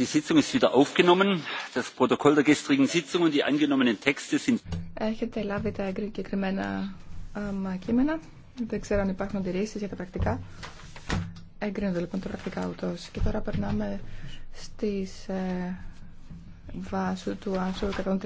Die Sitzung ist wieder aufgenommen. Das Protokoll der gestrigen Sitzung und die angenommenen Texte sind. Έχετε λάβει τα εγκεκριμένα um, κείμενα. Δεν ξέρω αν υπάρχουν αντιρρήσει για τα πρακτικά. Εγκρίνονται λοιπόν τα πρακτικά ούτω. Και τώρα περνάμε στι ε, βάσου του άρθρου